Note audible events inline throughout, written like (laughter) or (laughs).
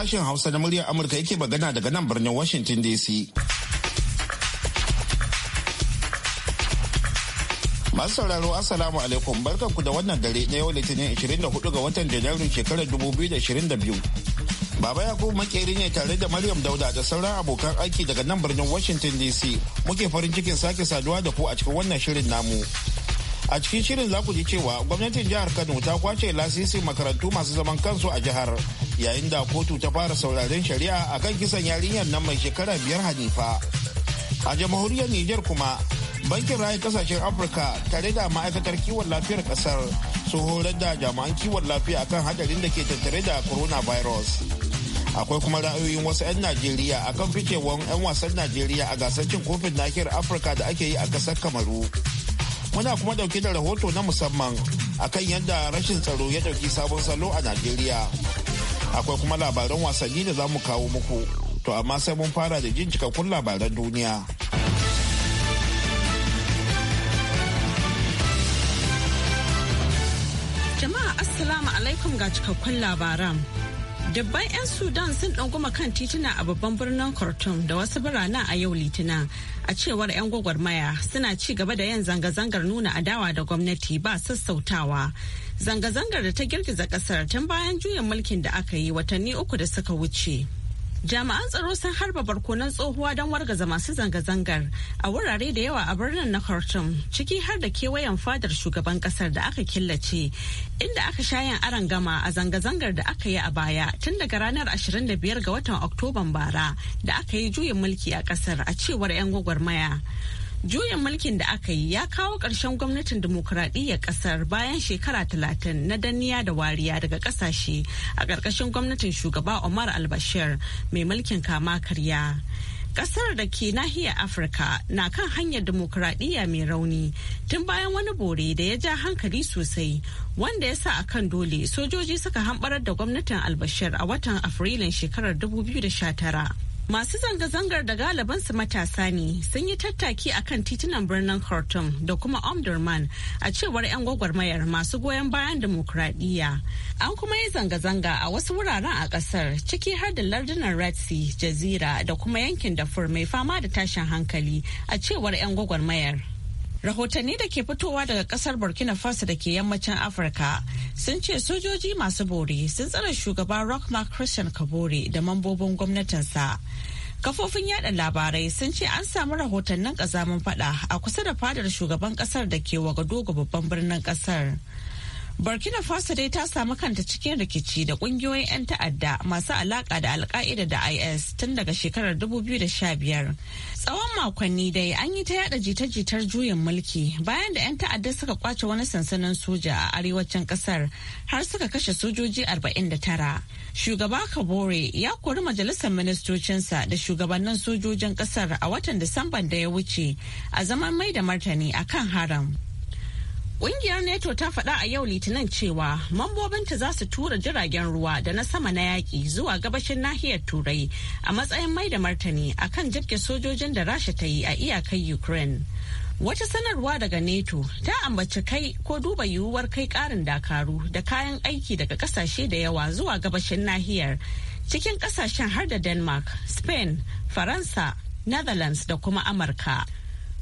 sashen Hausa na muryar Amurka yake magana daga nan birnin Washington DC. Masu sauraro Assalamu alaikum barkanku da wannan dare na yau Litinin 24 ga watan Janairun shekarar 2022. Baba Yakubu makeri ne tare da Maryam Dauda da sauran abokan aiki daga nan birnin Washington DC. Muke farin cikin sake saduwa da ku a cikin wannan shirin namu. a cikin shirin za ku ji cewa gwamnatin jihar kano ta kwace lasisi makarantu masu zaman kansu a jihar yayin da kotu ta fara sauraren shari'a a kan kisan yarinyar nan mai shekara biyar hanifa a jamhuriyar niger kuma bankin rayu kasashen afirka tare da ma'aikatar kiwon lafiyar kasar su horar da jami'an kiwon lafiya akan hadarin da ke tattare da coronavirus akwai kuma ra'ayoyin wasu 'yan najeriya akan ficewan 'yan wasan najeriya a gasar cin kofin nahiyar afirka da ake yi a kasar kamaru muna kuma dauke da rahoto na musamman akan yadda rashin tsaro ya dauki sabon salo a najeriya akwai kuma labaran wasanni da za mu kawo muku to amma sai mun fara da jin cikakkun labaran duniya jama'a assalamu alaikum ga cikakkun labaran Dabban 'yan Sudan sun ɗanguma kan tituna a babban birnin Khartoum da wasu birane a yau litina A cewar 'yan gwagwarmaya suna ci gaba da yin zanga-zangar nuna adawa da gwamnati ba sassautawa. zanga-zangar da ta girgiza kasar tun bayan juyin mulkin da aka yi watanni uku da suka wuce. Jami'an tsaro sun harba barkonan tsohuwa don wargaza masu zanga-zangar a wurare da yawa a birnin na Khartoum ciki har da kewayen fadar shugaban kasar da aka killace inda aka shayan aron gama a zanga-zangar da aka yi a baya tun daga ranar 25 ga watan Oktoban bara da aka yi juyin mulki a kasar a cewar 'yan gwagwarmaya. Juyin mulkin da aka yi ya kawo ƙarshen gwamnatin demokuraɗiyyar ƙasar bayan shekara talatin na danniya da wariya daga ƙasashe a ƙarƙashin gwamnatin shugaba Omar albashir mai mulkin kama karya. Ƙasar da ke nahiyar afirka na kan hanyar demokuraɗiyya mai rauni tun bayan wani bore da ya ja hankali sosai wanda ya sa akan dole sojoji suka hambarar da gwamnatin albashir a watan afrilun shekarar 2019 Masu zanga-zangar da galibansu matasa ne sun yi tattaki a kan titunan birnin Khartoum da kuma Omdurman a cewar 'yan gwagwarmayar masu goyon bayan demokuraɗiyya. An kuma yi zanga-zanga a wasu wuraren a ƙasar ciki har da lardunan Red Sea, Jazira da kuma yankin Darfur mai fama da tashin hankali a cewar 'yan gwagwarmayar. rahotanni da ke fitowa daga kasar burkina faso da ke yammacin afirka sun ce sojoji masu bori sun tsare shugaba rockmark christian kabore da mambobin gwamnatinsa kafofin yada labarai sun ce an samu rahotannin kazamin fada a kusa da fadar shugaban kasar da ke ga babban birnin kasar Burkina Faso dai ta samu kanta cikin rikici da kungiyoyin 'yan ta'adda masu alaka da alka'ida da IS tun daga shekarar 2015. Tsawon makonni dai an yi ta yada jita-jitar juyin mulki bayan da 'yan ta'adda suka kwace wani sansanin soja a arewacin kasar har suka kashe sojoji 49. Shugaba Kabore ya kori majalisar ministocinsa da shugabannin sojojin kasar a watan Disamban da ya wuce a zaman mai da martani akan haram. Ƙungiyar NATO ta faɗa a yau Litinin cewa mambobinta za su tura jiragen ruwa da na sama na yaƙi zuwa gabashin nahiyar Turai a matsayin mai da martani a kan jirgin sojojin da Rasha ta yi a iyakar Ukraine. Wata sanarwa daga NATO ta ambaci kai ko duba yiwuwar kai ƙarin dakaru da kayan aiki daga ƙasashe da yawa zuwa gabashin nahiyar cikin ƙasashen har da Denmark, Spain, Faransa, Netherlands da kuma Amurka.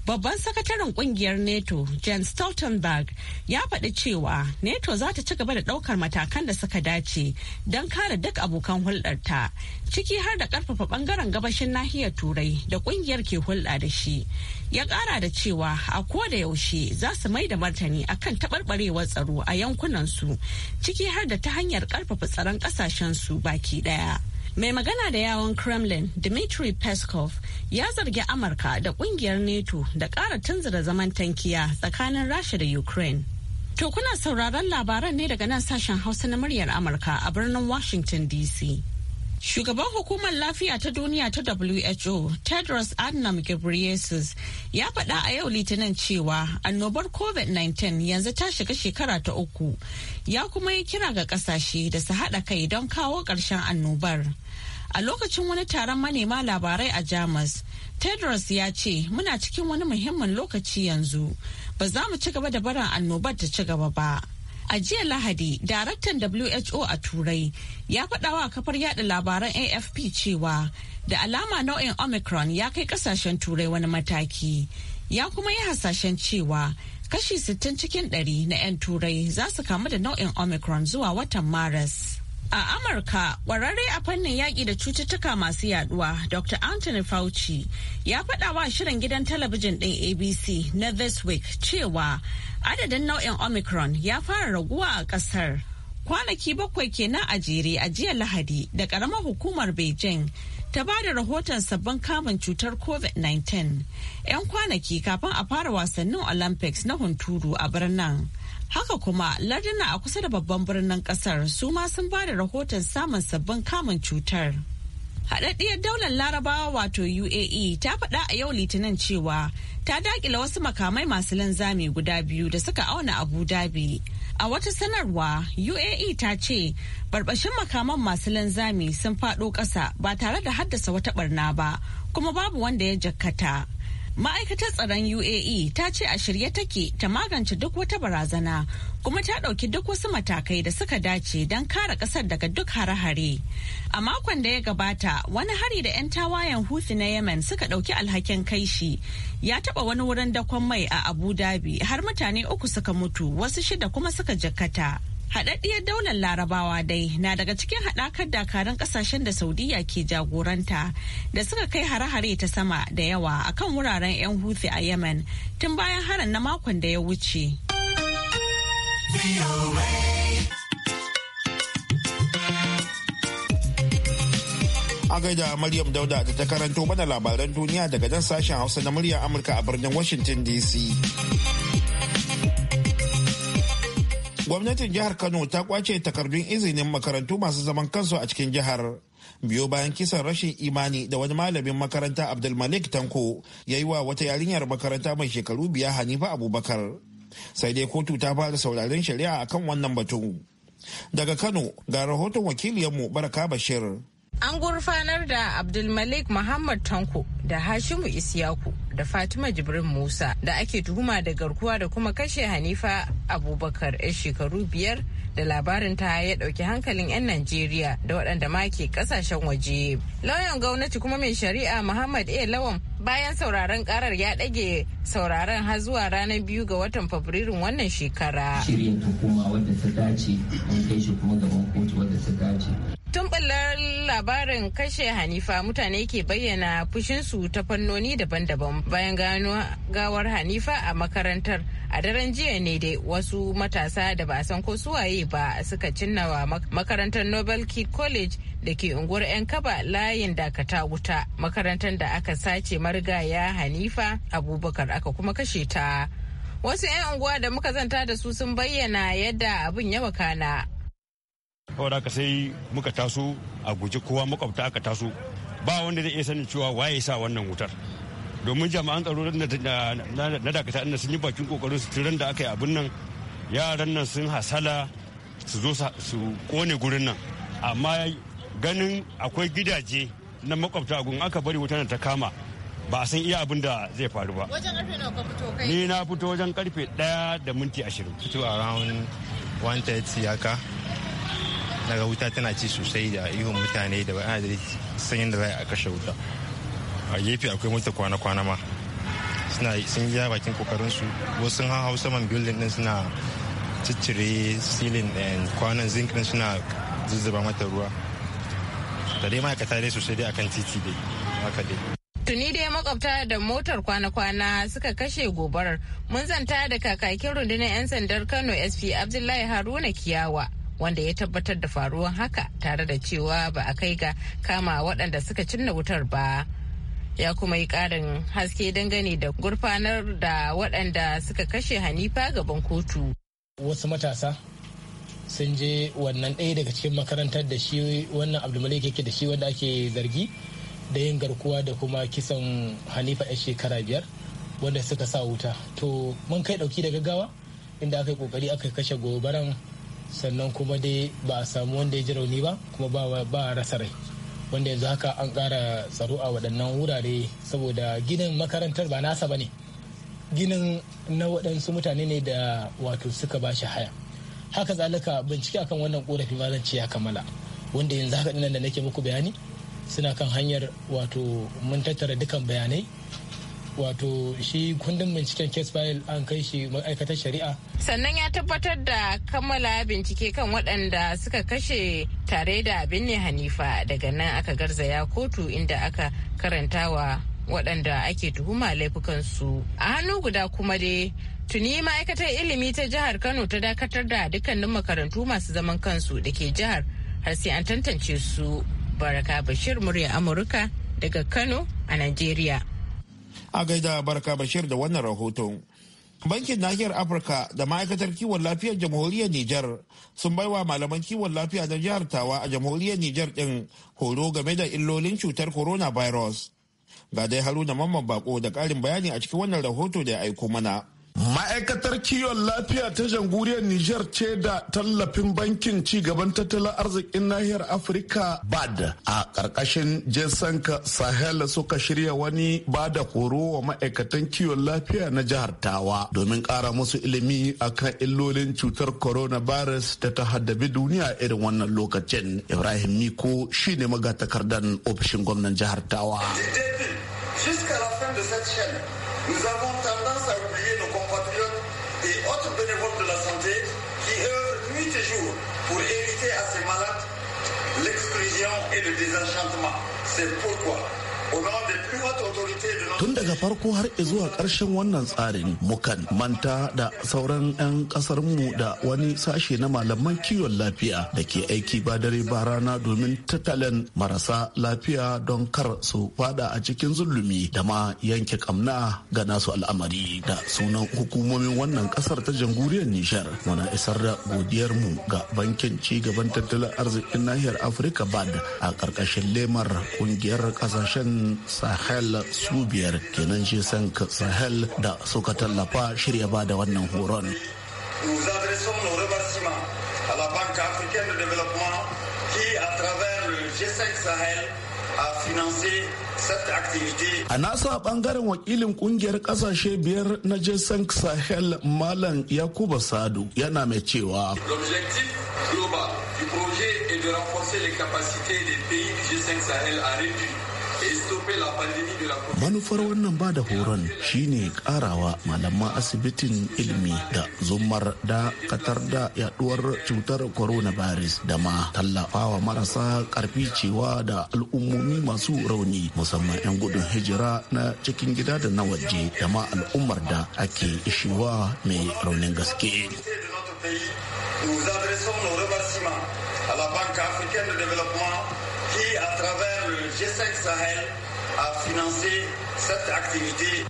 Babban sakataren kungiyar NATO, jens Stoltenberg, ya faɗi cewa NATO za ta ci gaba da ɗaukar matakan da suka dace don kare duk abokan hulɗarta, ciki har da ƙarfafa ɓangaren gabashin nahiyar Turai da kungiyar ke hulɗa da shi. Ya ƙara da cewa a ko da yaushe za su mai da martani akan taɓarɓarewar tsaro a yankunansu, ciki har da ta hanyar ƙarfafa tsaron ƙasashensu baki ɗaya. Mai magana da yawon Kremlin, Dmitry Peskov, ya zargi Amurka da kungiyar NATO da ƙara tunzura zaman tankiya tsakanin Rasha da Ukraine. To kuna sauraron labaran ne daga nan sashen Hausa na muryar Amurka a birnin Washington DC. Shugaban hukumar lafiya ta duniya ta WHO, Tedros Adhanom Ghebreyesus, ya faɗa a yau litinin cewa annobar COVID-19 yanzu ta shiga shekara ta uku, ya kuma yi kira ga ƙasashe da su haɗa kai don kawo ƙarshen annobar. A lokacin wani taron manema labarai a Jamus, Tedros ya ce muna cikin wani muhimmin lokaci yanzu, ba za mu ci gaba da barin annobar ta ci gaba ba. A jiya Lahadi, daraktan WHO a Turai ya faɗa wa kafar yada labaran AFP cewa da alama nau'in Omicron ya kai kasashen Turai wani mataki. Ya kuma yi hasashen cewa kashi 60 cikin 100 na 'yan Turai za su kamu da nau'in Omicron zuwa watan Maris. A Amurka, kwararre a fannin yaƙi da cututtuka masu yaduwa, Dr. Anthony Fauci ya faɗa wa shirin gidan talabijin ɗin ABC na This Week cewa adadin nau'in omicron ya fara raguwa a kasar kwanaki bakwai kenan a jere a jiya lahadi da karamar hukumar beijing ta ba da rahoton sabbin kamun cutar covid-19 'yan kwanaki kafin a fara wasannin olympics na hunturu a birnin haka kuma larduna a kusa da babban birnin kasar su ma sun ba da rahoton samun sabbin kamun cutar haɗaɗɗiyar daular larabawa wato uae ta faɗa a yau litinin cewa ta daƙila wasu makamai masu linzami guda biyu da suka auna abu dhabi a wata sanarwa uae ta ce barbashin makaman masu linzami sun faɗo ƙasa ba tare da haddasa wata ɓarna ba kuma babu wanda ya jakkata Ma'aikatar tsaron UAE ta ce a shirye take ta magance duk wata barazana kuma ta ɗauki duk wasu matakai da suka dace don kare ƙasar daga duk hare-hare. A makon da ya gabata wani hari da 'yan tawayen Houthi na Yemen suka ɗauki alhakin kai shi ya taɓa wani wurin dakon mai a Abu Dhabi har mutane uku suka mutu wasu shida kuma suka jikkata. Haɗaɗɗiyar daular larabawa dai na daga cikin haɗakar dakarun ƙasashen da Saudiya ke jagoranta da suka kai hare-hare ta sama da yawa a kan wuraren 'yan Houthi a Yemen tun bayan harin na makon da ya wuce. A gaida Maryam Dauda da ta karanto mana labaran duniya daga nan sashen Hausa na murya Amurka a birnin Washington DC. gwamnatin jihar kano ta kwace takardun izinin makarantu masu zaman kansu a cikin jihar biyo bayan kisan rashin imani da wani malamin makaranta abdulmalik tanko ya yi wa wata yarinyar makaranta mai shekaru biya hanifa abubakar sai dai kotu ta fara sauraren shari'a akan wannan batun daga kano ga rahoton wakiliyanmu baraka bashir an gurfanar da abdulmalik muhammad tanko da hashimu isyaku da Fatima Jibrin Musa da ake tuhuma da garkuwa da kuma kashe Hanifa Abubakar 'yan shekaru biyar da labarin ta ya dauki hankalin 'yan Najeriya da waɗanda ma ke ƙasashen waje. Lauyan gwamnati kuma mai shari'a Muhammad A. Lawan bayan sauraron karar ya ɗage sauraron har zuwa ranar biyu ga watan Fabrairu wannan shekara. Shirin hukuma wadda ta dace, an kai shi kuma gaban kotu wadda ta dace. Tun labarin kashe Hanifa mutane ke bayyana fushinsu ta fannoni daban-daban bayan gano gawar Hanifa a makarantar. A daren jiya ne dai wasu matasa da ba a san ko suwaye ba suka cinnawa makarantar Nobel Key College da ke unguwar 'yan kaba layin dakata wuta makarantar da aka sace marigaya Hanifa Abubakar aka kuma kashe ta. Wasu 'yan unguwa da muka zanta da su sun bayyana yadda abin ya wakana. saboda ka sai muka taso a guji kowa makwabta aka taso ba wanda zai iya sanin cewa waye sa wannan wutar domin jama'an tsaro na dakata inda sun yi bakin kokarin su tiran da aka yi abin nan yaran nan sun hasala su zo su kone gurin nan amma ganin akwai gidaje na makwabta gun aka bari wutar ta kama ba a san iya abin da zai faru ba ni na fito wajen karfe 1 da minti 20 fito around 1:30 haka daga wuta tana ci sosai da ihun mutane da ba'a da sanyin da za a kashe wuta a gefe akwai mota kwana-kwana ma suna sun yi bakin kokarinsu wasu hau saman bildin din suna ciccire silin kwanan zinc din suna zuzzuba mata ruwa da dai ma'aikata dai sosai dai akan titi dai haka dai Tuni dai makwabta da motar kwana-kwana suka kashe gobarar. Mun zanta da kakakin rundunar 'yan sandar Kano SP Abdullahi Haruna Kiyawa. wanda ya tabbatar da faruwan haka tare da cewa ba a kai ga kama waɗanda suka cinna wutar ba ya kuma yi karin haske dangane da gurfanar da waɗanda suka kashe hanifa gaban kotu wasu matasa sun je wannan ɗaya daga cikin makarantar da shi wannan abdulmalik yake da shi wanda ake zargi da yin garkuwa da kuma kisan hanifa ya shekara biyar wanda suka sa wuta to mun kai ɗauki da gaggawa inda aka yi ƙoƙari aka kashe gobaran sannan kuma dai ba a samu wanda ya ji rauni ba kuma ba a rasa rai wanda yanzu haka an kara tsaro a waɗannan wurare saboda ginin makarantar ba nasa ba ne ginin na waɗansu mutane ne da wato suka ba shi haya haka zalika bincike akan wannan korafi ma zan ce ya kammala wanda yanzu haka dinan da nake muku bayani suna kan hanyar wato mun tattara dukan bayanai wato shi kundin binciken case file an kai shi ma'aikatar shari'a sannan ya tabbatar da kammala bincike kan waɗanda suka kashe tare da binne hanifa daga nan aka garzaya kotu inda aka karanta wa waɗanda ake tuhuma laifukansu a hannu guda kuma dai tuni ma'aikatar ilimi ta jihar kano ta dakatar da dukkanin makarantu masu zaman kansu da ke jihar har sai an tantance su baraka bashir murya amurka daga kano a najeriya A gaida Barka Bashir da wannan rahoton. Bankin Nahiyar Afirka da Ma'aikatar Kiwon Lafiyar Jamhuriyar Nijar sun bai wa malaman kiwon lafiya na jihar Tawa a Jamhuriyar Nijar din horo game da illolin cutar coronavirus. Ga dai Haruna Mamman Bako da karin bayani a cikin wannan rahoto da ya aiko mana. Ma'aikatar kiwon lafiya ta janguriyar Nijar ce da tallafin bankin cigaban tattalin arzikin nahiyar Afirka BAD a ƙarƙashin Jesanka Sahel suka shirya wani ba da koro wa ma'aikatan kiwon lafiya na jihar Tawa domin kara musu ilimi akan illolin cutar coronavirus da ta haddabi duniya irin wannan lokacin. Ibrahim Miko shine magatakardan ofishin gwamnan jihar Tawa. des désenchantement. C'est pourquoi Tun daga farko har zuwa ƙarshen wannan tsarin mukan manta da sauran 'yan mu da wani sashe na malaman kiwon lafiya da ke aiki ba dare ba rana domin tattalin marasa lafiya don kar su fada a cikin zulumi da ma yanke kamna ga nasu al'amari da sunan hukumomin wannan ƙasar ta jamhuriyar Nijar. Muna isar da godiyar mu ga bankin ci gaban tattalin arzikin nahiyar Afirka BAD a ƙarƙashin lemar ƙungiyar ƙasashen sahel su biyar kenan shi sahel da suka tallafa shirya ba da wannan horon a financé A nasa bangaren wakilin kungiyar kasashe biyar na jason Sahel Malam Yakuba Sadu yana mai cewa. global du projet est de renforcer les capacités des pays G5 Sahel manufar wannan ba da horon shine karawa malaman asibitin ilimi da zumar da dakatar da yaduwar cutar coronavirus da ma tallafawa marasa karfi cewa da al'ummomi masu rauni musamman 'yan gudun hijira na cikin gida da na waje da ma al'ummar da ake ishiwa mai raunin gaske. pays, nous adressons nos remerciements à la Banque africaine de développement qui, à travers le G5 Sahel,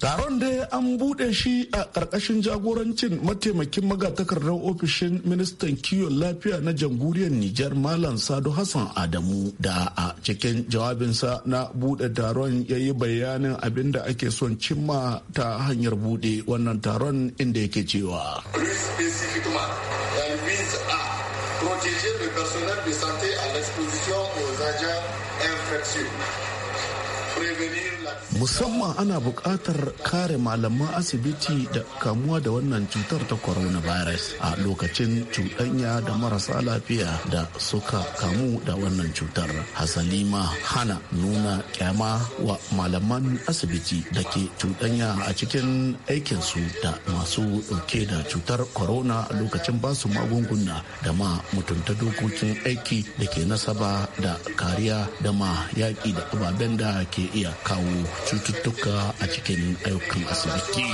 Taron da an buɗe shi a ƙarƙashin jagorancin mataimakin magatakardar ofishin ministan kiwon lafiya na jamhuriyar Nijar Malam Sadu Hassan Adamu da a cikin jawabinsa na buɗe taron ya yi bayanin abin da ake son cimma ta hanyar buɗe wannan taron inda yake cewa. Protéger le personnel de santé à l'exposition aux agents infectieux. baby. musamman ana buƙatar kare malaman asibiti da kamuwa da wannan cutar ta coronavirus a lokacin cuɗanya da marasa lafiya da suka kamu da wannan cutar hasalima hana nuna kyama wa malaman asibiti da ke cuɗanya a cikin aikinsu da masu ɗauke da cutar corona a lokacin basu magunguna da ma mutunta dokokin aiki da ke nasaba da kariya da ma yaƙi da ababen da ke iya kawo cututtuka a cikin ayyukan asibiti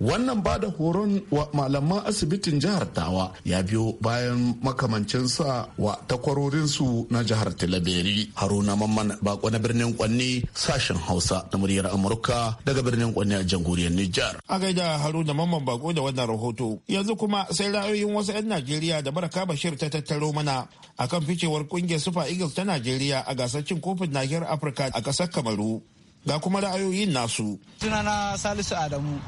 Wannan ba da horon wa malaman asibitin jihar Tawa ya biyo bayan makamancinsa wa takwarorinsu na jihar Tilaberi. Haruna Mamman bako na birnin Kwanne sashen Hausa na muryar Amurka daga birnin Kwanne a jamhuriyar Nijar. A gaida Haruna Mamman bako da wannan rahoto. Yanzu kuma sai ra'ayoyin wasu 'yan Najeriya da Baraka Bashir ta tattaro mana akan ficewar kungiyar Super Eagles ta Najeriya a gasar cin kofin nahiyar Afirka a ƙasar kamaru ga kuma ra'ayoyin nasu sunana salisu adamu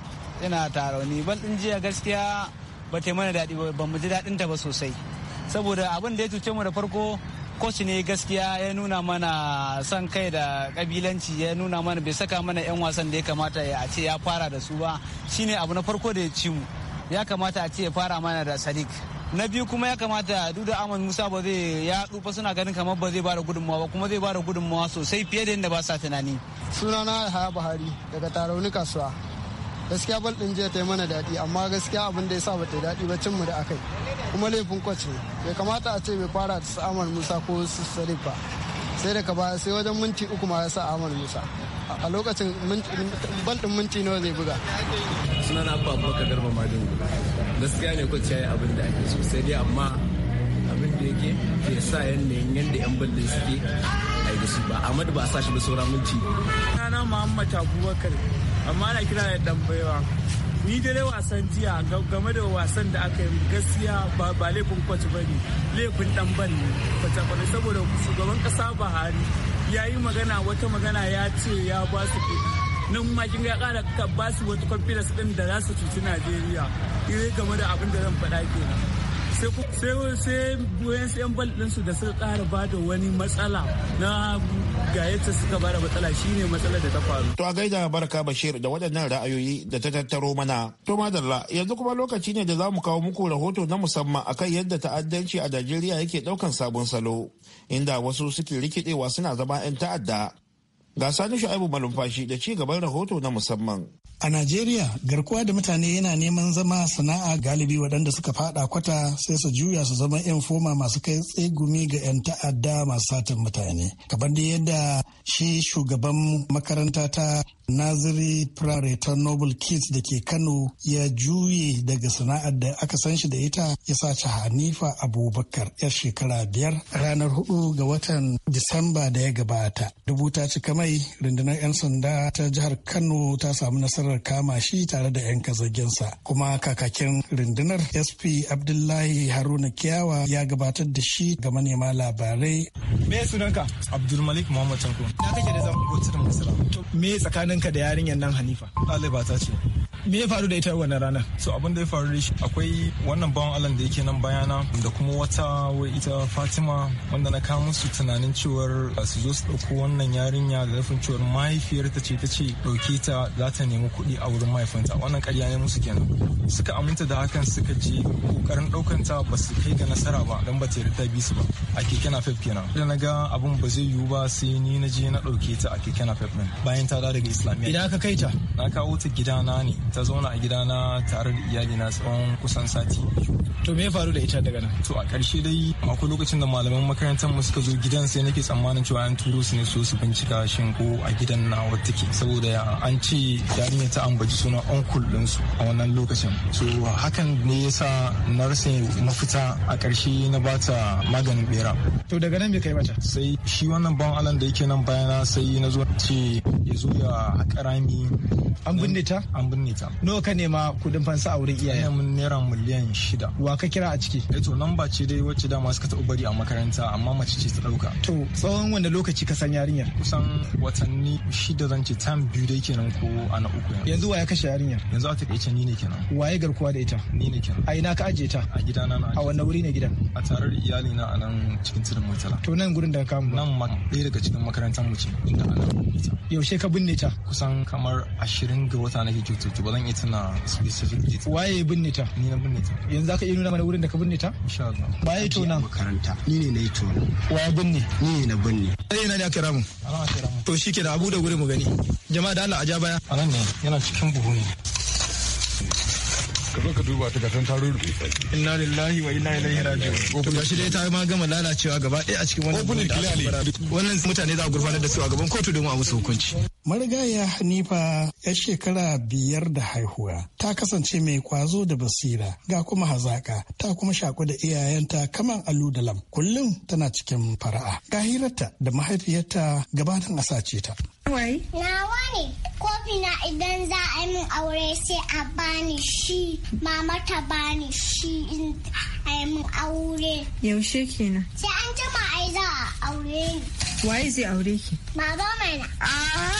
yana tarauni bal ɗin jiya gaskiya ba ta mana daɗi ba mu ji daɗin ta ba sosai saboda abin da ya cuce mu da farko koci ne gaskiya ya nuna mana son kai da kabilanci ya nuna mana bai saka mana 'yan wasan da ya kamata ya ce ya fara da su ba shine abu na farko da ya ci mu ya kamata a ce ya fara mana da sadiq na biyu kuma ya kamata duk da Ahmad Musa ba zai ya dufa suna ganin kamar ba zai bada gudunmawa ba kuma zai bada gudunmawa sosai fiye da yadda ba sa tunani sunana Yahaya Buhari daga Tarauni kasuwa gaskiya bal ɗin jiya ta yi mana daɗi amma gaskiya abin da ya sa ba bata daɗi ba cin da akai kuma laifin kwace bai kamata a ce bai fara da su Ahmad Musa ko su sai daga baya sai wajen minti uku ma ya sa Ahmad Musa a lokacin bal minti nawa zai buga suna na abu abubakar garba madin gaskiya ne kwace ya abin da ake so sai dai amma abin da yake ke sa yanayin yadda yan bal suke ai da su ba ahmad ba a sa shi ba sauran minti na muhammad abubakar amma na kira da dan baiwa ni dai wasan jiya game da wasan da aka yi gaskiya ba ba laifin kwaci ba ne laifin dan ban ne kwace saboda shugaban kasa buhari ya yi magana wata magana ya ce ya ba su nan ma kin ga ƙara ka ba su wata confidence ɗin da za su cuci Najeriya. Ire game da abin da zan faɗa kenan. sai wayansu 'yan bal su da suka kara ba da wani matsala na ga yadda suka ba matsala shine matsala da ta faru. To a gaida barka Bashir da waɗannan ra'ayoyi da ta tattaro mana. To madalla yanzu kuma lokaci ne da za mu kawo muku rahoto na musamman akan yadda ta'addanci a Najeriya yake ɗaukan sabon salo. Inda wasu suke rikidewa suna zama 'yan ta'adda Ga sani shu'aibu malumfashi da ci gaban rahoto na musamman. A Najeriya garkuwa da mutane yana neman zama sana'a galibi waɗanda suka fada kwata sai su juya su zama 'yan foma masu kai tsegumi ga 'yan ta'adda masu satin mutane. Kamar da yadda shi shugaban makaranta ta Naziri Firare ta Noble Kids da ke Kano ya juye daga sana'ar da aka san shi da ita ya sace Hanifa Abubakar yar shekara biyar ranar hudu ga watan Disamba da ya gabata. Dubu ta cika mai rundunar 'yan sanda ta jihar Kano ta samu nasarar kama shi tare da 'yan kazagensa. Kuma kakakin rundunar SP Abdullahi Haruna Kiyawa ya gabatar da shi ga manema labarai. Me sunanka? Abdulmalik Muhammad Tanko. Na kake da zan Me tsakanin tsakaninka da yarinyar nan Hanifa? Ɗaliba ta ce. me ya faru da ita wannan rana. so abin da ya faru da shi akwai wannan bawan allah da yake nan bayana da kuma wata wai ita fatima wanda na kawo musu tunanin cewar su zo su ɗauko wannan yarinya da zafin cewar mahaifiyar ta ce ta ce ɗauke ta za ta nemi kuɗi a wurin mahaifinta wannan ƙarya ne musu kenan suka aminta da hakan suka je ƙoƙarin ɗaukanta ba su kai ga nasara ba don ba ta yarda ta bi su ba a keke napep kenan da na ga abin ba zai yiwu ba sai ni na je na ɗauke ta a keke napep ɗin bayan ta dawo daga islamiyya idan aka kai ta na kawo ta gidana ne ta zauna a gidana tare da iyalina tsawon kusan sati biyu to me ya faru da ita daga nan to a ƙarshe dai akwai lokacin da malaman makarantar mu suka zo gidan sai nake tsammanin cewa an turo su ne so su bincika shin ko a gidan na take saboda an ce yarinya ta ambaci suna onkul su a wannan lokacin so hakan ne yasa na rasa mafita a ƙarshe na bata maganin bera to daga nan me kai mata sai shi wannan bawan alan da yake nan bayana sai na zo ce ya zo ya haƙa an binne ta an binne ta nawa ka nema kuɗin fansa a wurin iyayen mun naira miliyan shida wa ka kira a ciki eh to lamba ce dai wacce dama suka taɓa bari a makaranta amma mace ce ta ɗauka to tsawon wanne lokaci ka san yarinyar kusan watanni shida zan ce tam biyu dai kenan ko ana uku yanzu wa ya kashe yarinyar yanzu a taƙaice ni ne kenan waye garkuwa da ita ni ne kenan a ina ka ajiye ta a gidana na a wannan wuri ne gidan a tare da iyali na a nan cikin tudun mutala to nan gurin da ka kamu nan ɗaya daga cikin makarantar mu ce inda ana yaushe ka binne ta kusan kamar ashirin ga wata nake kyautu ba zan iya tana specific date waye binne ta ni na binne ta yanzu ka iya nuna mana wurin da ka binne ta? Ba ya yi tona? Makaranta. Ni ne na yi tona. Wa ya binne? Ni ne na binne. Sai na da aka ramu. To shi ke da abu da wurin mu gani. Jama'a da Allah a ja baya. A nan ne yana cikin buhu ne. ka zo ka duba ta ga san taro rufe inna lillahi wa inna ilaihi raji'un to shi dai ta ma gama lalacewa gaba ɗaya a cikin wannan wannan mutane za a gurfanar da su a gaban kotu don a musu hukunci Marigaya Hanifa yar shekara biyar da haihuwa ta kasance mai kwazo da basira ga kuma hazaka ta kuma shaku da iyayenta kaman Lam. kullum tana cikin fara'a ga hirarta da mahaifiyarta gabanin a sace ta. Nawa ne kofi na idan za a yi min aure sai a bani shi mama ta bani shi in a yi min aure. Yaushe kenan? Sai an jima yi za a aure ni. waye zai aure ki baba ah.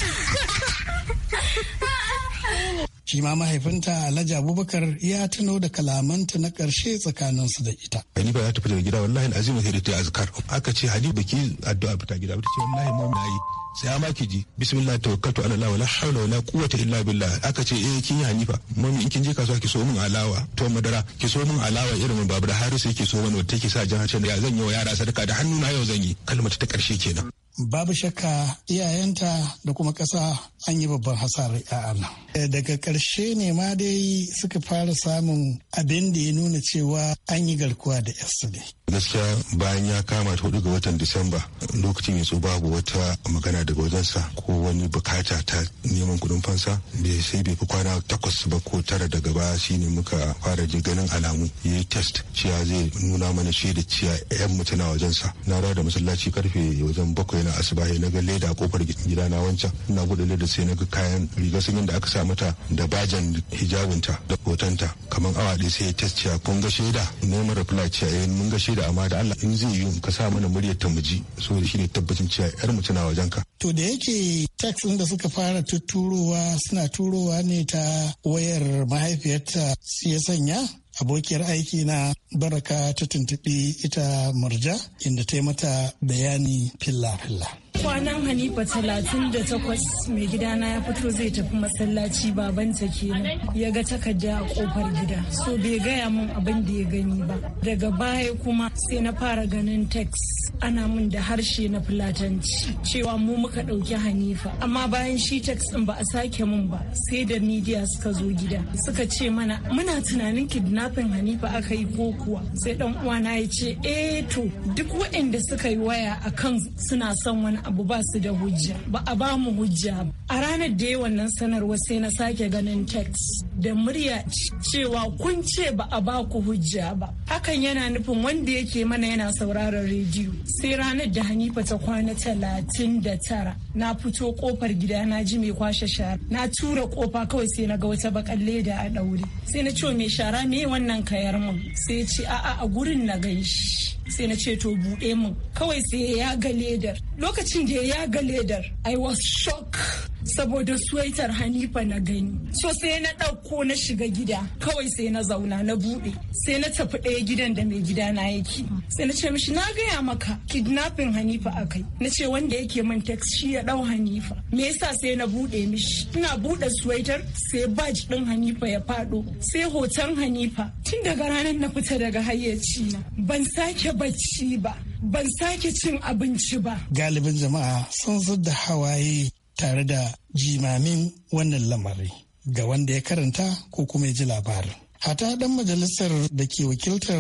(laughs) shi ma mahaifinta alhaji abubakar ya tuno da kalamanta na ƙarshe tsakaninsu da ita ba ya tafi daga gida wallahi azima sai ta azkar aka ce hanifa ki addu'a fita gida ta ce wallahi mu na yi sai ma ki ji bismillah tawakkaltu ala allah wala hawla wala quwwata illa billah aka ce eh kin yi hanifa mun in kin je kasuwa ki so mun alawa to madara ki so min alawa irin mun babu da harisu yake so wani wata ke sa jan hacin ya zan yi wa yara sadaka da hannuna yau zan yi kalmata ta karshe kenan babu shakka iyayenta da kuma ƙasa an yi babban hasar nan. Eh, daga ƙarshe ne ma dai suka fara samun abin da ya nuna cewa an yi garkuwa da yarsu gaskiya bayan ya kama ta hudu ga watan disamba lokacin ya babu wata magana daga wajensa ko wani bukata ta neman kudin fansa bai sai bai fi kwana takwas ba ko tara daga baya shine muka fara ji ganin alamu ya yi test cewa zai nuna mana shaida cewa yan mutuna wajensa na da masallaci karfe wajen bakwai na asuba na ga leda a kofar gida na wancan ina buɗe leda sai na ga kayan riga sanyin da aka sa mata da bajan hijabinta da ta kamar awa ɗaya sai ta test ya kun ga shaida neman reply ciya eh mun ga shaida amma da Allah in zai yi ka sa mana muryar ta muji saboda shine tabbacin cewa yar mu tana wajen ka. To da yake tax ɗin da suka fara tutturowa suna turowa ne ta wayar mahaifiyarta sai ya sanya abokiyar aiki na baraka ta tuntuɓi ita murja inda ta yi mata bayani filla-filla. kwanan hanifa talatin da takwas mai gidana ya fito zai tafi masallaci babanta kenan ya ga takarda a kofar gida so bai gaya min abin da ya gani ba daga baya kuma sai na fara ganin text ana min da harshe na fulatanci cewa mu muka ɗauki hanifa amma bayan shi text ɗin ba a sake min ba sai da media suka zo gida suka ce mana muna tunanin kidnapping hanifa aka yi ko kuwa sai dan uwana ya ce eh to duk waɗanda suka yi waya akan suna son wani abu ba su da hujja ba a ba mu hujja ba. a ranar da wannan sanarwa sai na sake ganin text da murya cewa kun ce ba a ba ku hujja ba hakan yana nufin wanda yake mana yana sauraron rediyo sai ranar da hanifa ta kwana talatin da tara na fito kofar gida na ji mai kwashe shara na tura kofa kawai sai na ga wata bakan leda a ɗaure sai na ce mai shara me wannan kayar mun sai ce a'a a gurin na gaishi. sai na ce to buɗe mun kawai sai ya ga ledar lokacin da ya ga ledar i was shocked saboda suwaitar hanifa na gani so sai na ɗauko na shiga gida kawai sai na zauna na buɗe sai na tafi ɗaya gidan da mai gida na yake sai na ce mishi na gaya maka kidnapping hanifa akai na ce wanda yake min text shi ya ɗau hanifa me yasa sai na buɗe mishi ina buɗe suwaitar sai badge ɗin hanifa ya faɗo sai hoton hanifa tun daga ranar na fita daga hayyaci na ban sake bacci ba ban sake cin abinci ba galibin jama'a sun da hawaye tare da jimamin wannan lamari ga wanda ya karanta ko kuma ya ji labarin. hata ɗan majalisar da ke wakiltar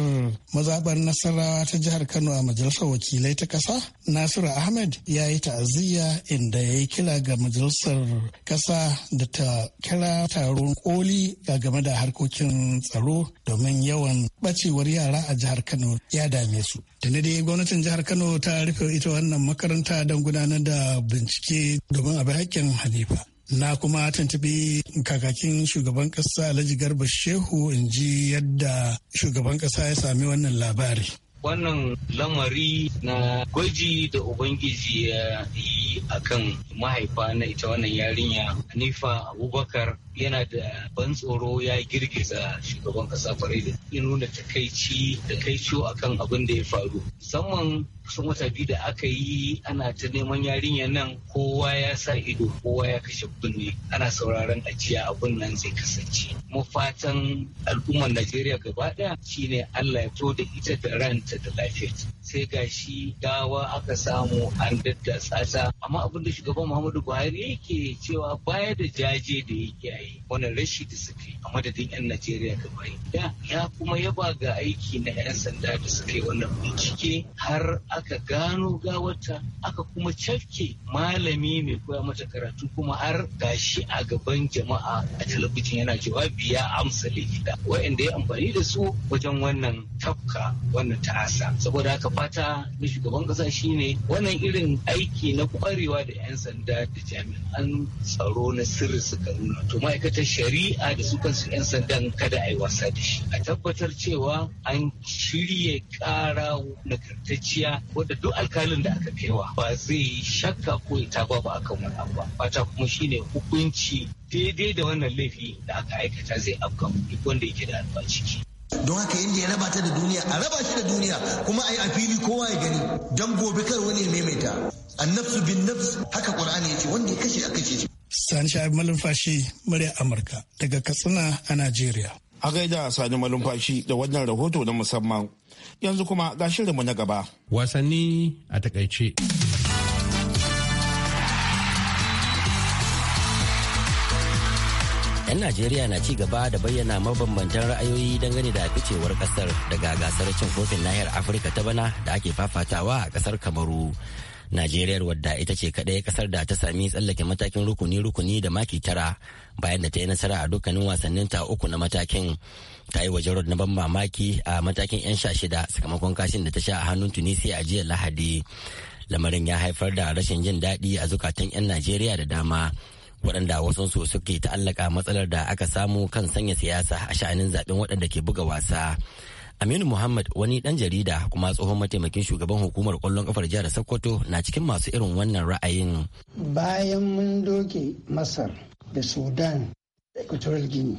mazaɓar nasarawa ta jihar kano a majalisar wakilai ta ƙasa nasiru ahmed ya yi ta'aziyya inda ya yi kira ga majalisar ƙasa da ta kira taron koli game da harkokin tsaro domin yawan bacewar yara a jihar kano ya dame su Da na dai gwamnatin jihar kano ta rufe ita wannan makaranta don gudanar da bincike domin a bi hakkin halifa na kuma tuntubi kakakin shugaban kasa alhaji garba shehu in ji yadda shugaban kasa ya sami wannan labari wannan lamari na gwaji da ubangiji ya yi akan mahaifa na ita wannan yarinya hanifa abubakar yana da ban tsoro ya girgiza shugaban kasa kwarai da ya nuna takaici da a akan abin da ya faru musamman kusan wata biyu da aka yi ana ta neman yarinya nan kowa ya sa ido kowa ya kashe kunne ana sauraron ajiya abin nan zai kasance Mafatan fatan al'ummar najeriya gaba daya shine allah ya to da ita da ranta da lafiyarta sai ga shi dawa aka samu an daddasa ta amma abin da shugaban muhammadu buhari yake cewa baya da jaje da yake yi wani rashi da suka a madadin 'yan Najeriya da bai. ya kuma yaba ga aiki na 'yan sanda da suka wannan bincike har aka gano gawata aka kuma cafke malami mai koya mata karatu kuma har gashi a gaban jama'a a talabijin yana jawabi ya amsa likita Wa'inda ya amfani da su wajen wannan tafka wannan ta'asa saboda haka fata na shugaban kasa shine wannan irin aiki na kwarewa da 'yan sanda da jami'an tsaro na sirri suka nuna to ma'aikatar shari'a da su kansu 'yan sandan kada a yi wasa da shi a tabbatar cewa an shirya ƙara kartacciya wadda duk alkalin da aka kaiwa ba zai yi shakka ko ita ba ba akan wani abu ba fata kuma shine hukunci daidai da wannan laifi da aka aikata zai afka duk wanda yake da albashi don haka inda ya raba ta da duniya a raba shi da duniya kuma a yi a fili kowa ya gani don gobe kar wani ya maimaita annafsu bin nafs haka qur'ani ya ce wanda ya kashe aka ce Sani Sha'ib Malumfashi murya Amurka daga Katsina a Najeriya. A gaida Sani Malumfashi da wannan rahoto na musamman. Yanzu kuma ga shirinmu na gaba. Wasanni a takaice. ‘Yan Najeriya na ci gaba da bayyana mabambantan ra'ayoyi dangane da ficewar kasar daga gasar cin kofin nahiyar Afirka ta bana da ake fafatawa a kasar Kamaru. Najeriyar wadda ita ce kaɗai kasar da ta sami tsallake matakin rukuni-rukuni da maki tara bayan da ta yi nasara a dukkanin wasannin ta uku na matakin. Ta yi waje na ban mamaki a matakin 'yan sha shida sakamakon kashin da ta sha a hannun Tunisia a jiya Lahadi. Lamarin ya haifar da rashin jin daɗi a zukatan 'yan Najeriya da dama. waɗanda wasan su suke ta'allaka matsalar da aka samu kan sanya siyasa a sha'anin zaɓen waɗanda ke buga wasa. Aminu Muhammad wani dan jarida kuma tsohon mataimakin shugaban hukumar kwallon kafar jihar Sokoto na cikin masu irin wannan ra'ayin. Bayan mun doke Masar da Sudan da Equatorial Guinea,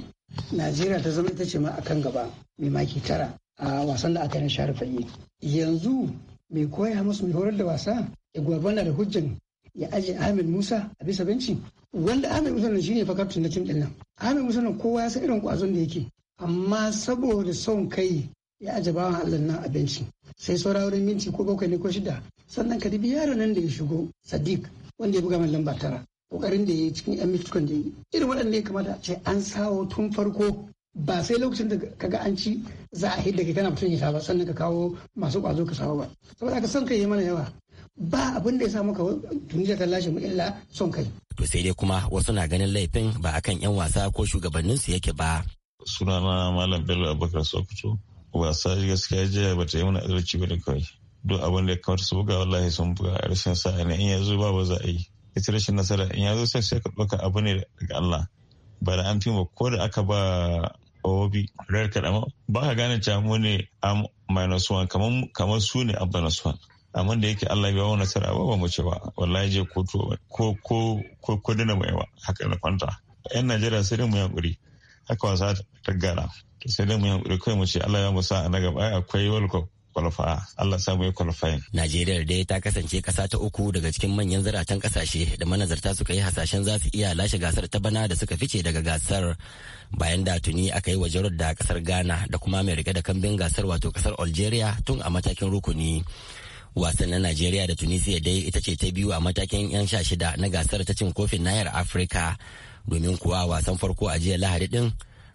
Najeriya ta zama ita ce ma akan gaba mai maki tara a wasan da aka yi share fage. Yanzu mai koya musu mai horar da wasa ya Igwabana da hujjan ya aje Ahmed Musa a bisa benci. Wanda Ahmed Musa shi shine fa na tim din nan. Ahmed Musa kowa ya san irin kwazon da yake. Amma saboda son kai ya aje bawan Allah nan a sai saura wurin minti ko bakwai ne ko shida sannan ka dubi yaron nan da ya shigo sadiq wanda ya buga min lamba tara kokarin da ya yi cikin yan mintukan da yi irin waɗanda ya kamata ce an sawo tun farko ba sai lokacin da ka ga an ci za a hidda kai kana mutum ya ba sannan ka kawo masu kwazo ka sawo ba saboda ka son kai yi mana yawa ba abin da ya samu ka duniya ta lashe mu illa son kai to sai dai kuma wasu na ganin laifin ba akan yan wasa ko shugabanninsu yake ba sunana malam bello abubakar sokoto wasa gaskiya jiya ba ta yi mana azurci ba da kawai duk abin da ya kamata su buga wallahi sun buga a rashin sa'a ne in ya zo ba za a yi ita rashin nasara in ya zo sai sai ka ɗauka abu ne daga Allah ba da an fi ko da aka ba obi rar dama ba ka gane cewa ne a minus one kamar su ne a minus one amma da yake Allah ya wani nasara ba ba mu ce ba wallahi je kotu ko ko ko dana mai ba haka na kwanta yan Najeriya sai dai mu yankuri haka wasa ta gara sai dai mu yi kawai mu ce Allah ya musa a na gaba akwai walko kwalfa Allah samu kwalfa kwalfayin. Najeriya dai ta kasance kasa ta uku daga cikin manyan zaratan kasashe da manazarta suka yi hasashen za su iya lashe gasar ta bana da suka fice daga gasar bayan da tuni aka yi wa jarod da kasar Ghana da kuma mai da kambin gasar wato kasar Algeria tun a matakin rukuni. na Najeriya da Tunisia dai ita ce ta biyu a matakin 'yan sha shida na gasar ta cin kofin nayar Afirka. domin kuwa wasan farko a jiya lahadi din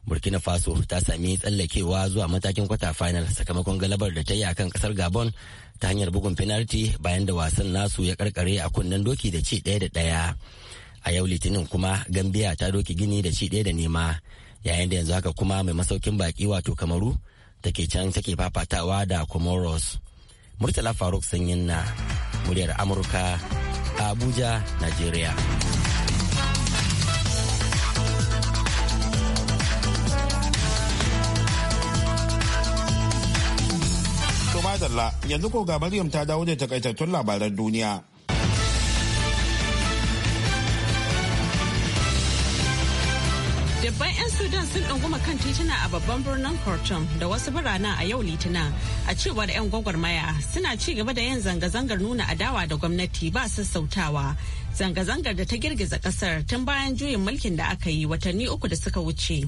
burkina faso ta sami tsallakewa zuwa matakin kwata final sakamakon galabar da ta yi akan kasar gabon ta hanyar bugun finalti bayan da wasan nasu ya karkare a kunnen doki da ci ɗaya da daya a yau litinin kuma gambia ta doki gini da ci daya da nema yayin da yanzu haka kuma mai masaukin baki wato kamaru take can take fafatawa da comoros murtala faruk sanyin na muryar amurka abuja nigeria madalla yanzu ko ga Maryam ta dawo da takaitattun labaran duniya. Dabban 'yan Sudan sun ɗunguma kan tituna a babban birnin Khartoum da wasu biranen a yau Litinin a cewar 'yan gwagwarmaya suna ci gaba da yin zanga-zangar nuna adawa da gwamnati ba sassautawa. Zanga-zangar da ta girgiza ƙasar tun bayan juyin mulkin da aka yi watanni uku da suka wuce.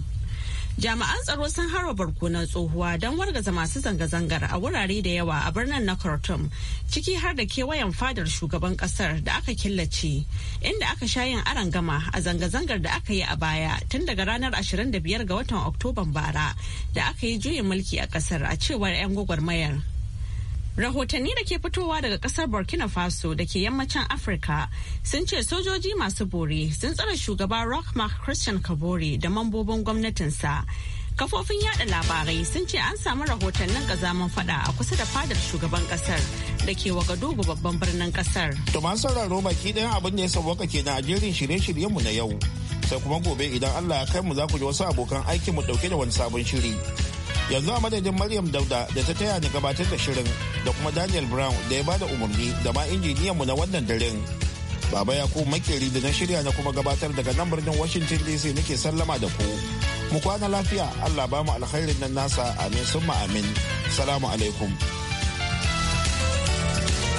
Jami'an tsaro sun harba barkonan tsohuwa don wargaza masu zanga-zangar a wurare da yawa a birnin na Khartoum, ciki har da kewayen fadar shugaban kasar da aka killace, inda aka sha yin aron gama a zanga-zangar da aka yi a baya tun daga ranar 25 ga watan Oktoban bara da aka yi juyin mulki a kasar a cewar 'yan gwagwarmayar. Rahotanni da ke fitowa daga kasar Burkina Faso da ke yammacin Afirka sun ce sojoji masu bore sun tsare shugaba Rockmark Christian Kabore da mambobin gwamnatinsa. Kafofin yada labarai sun ce an samu rahotannin kazaman fada a kusa da fadar shugaban kasar da ke Wagadugu babban birnin kasar. To masu sauraro baki ɗayan abin da ya sauwaka ke na jerin shirye-shiryenmu na yau. Sai kuma gobe idan Allah ya kai mu za ku ji wasu abokan aikin mu dauke da wani sabon shiri. yanzu a madadin maryam dauda da ta taya ni gabatar da shirin da kuma daniel brown da ya bada umarni da ma mu na wannan daren baba ya ku makeri da na shirya na kuma gabatar daga nan birnin washington dc nake sallama da ku mu kwana lafiya allah ba mu alkhairin nan nasa amin summa amin salamu alaikum